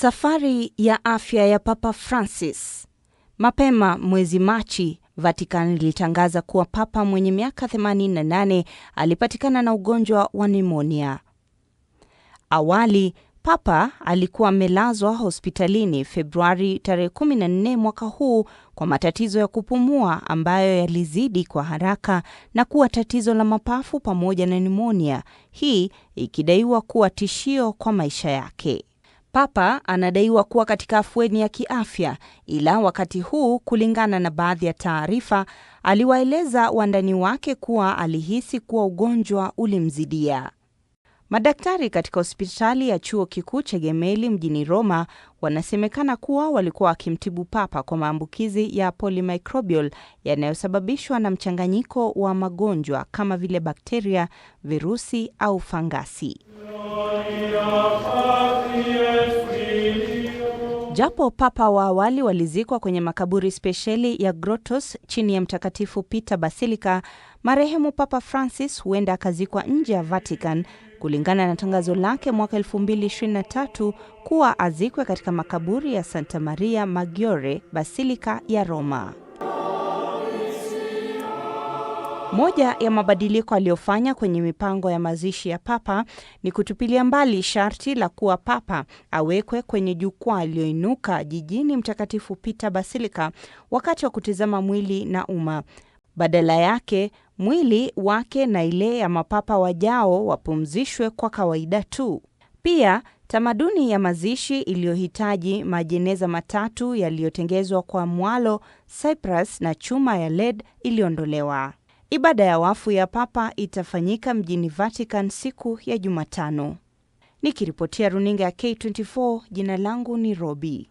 Safari ya afya ya Papa Francis. Mapema mwezi Machi, Vatican ilitangaza kuwa Papa mwenye miaka 88 alipatikana na ugonjwa wa nimonia. Awali Papa alikuwa amelazwa hospitalini Februari tarehe 14 mwaka huu kwa matatizo ya kupumua ambayo yalizidi kwa haraka na kuwa tatizo la mapafu pamoja na nimonia, hii ikidaiwa kuwa tishio kwa maisha yake. Papa anadaiwa kuwa katika afueni ya kiafya, ila wakati huu, kulingana na baadhi ya taarifa, aliwaeleza wandani wake kuwa alihisi kuwa ugonjwa ulimzidia. Madaktari katika hospitali ya chuo kikuu cha Gemelli mjini Roma wanasemekana kuwa walikuwa wakimtibu Papa kwa maambukizi ya polymicrobial yanayosababishwa na mchanganyiko wa magonjwa kama vile bakteria, virusi au fangasi. Japo papa wa awali walizikwa kwenye makaburi spesheli ya Grotos chini ya Mtakatifu Peter Basilica, marehemu Papa Francis huenda akazikwa nje ya Vatican kulingana na tangazo lake mwaka 2023 kuwa azikwe katika makaburi ya Santa Maria Maggiore, Basilica ya Roma. Moja ya mabadiliko aliyofanya kwenye mipango ya mazishi ya Papa ni kutupilia mbali sharti la kuwa Papa awekwe kwenye jukwaa iliyoinuka jijini Mtakatifu Peter Basilica wakati wa kutizama mwili na umma. Badala yake, mwili wake na ile ya mapapa wajao wapumzishwe kwa kawaida tu. Pia tamaduni ya mazishi iliyohitaji majeneza matatu yaliyotengezwa kwa mwalo, cyprus na chuma ya led iliondolewa. Ibada ya wafu ya Papa itafanyika mjini Vatican siku ya Jumatano. Nikiripotia runinga ya K24, jina langu ni Robi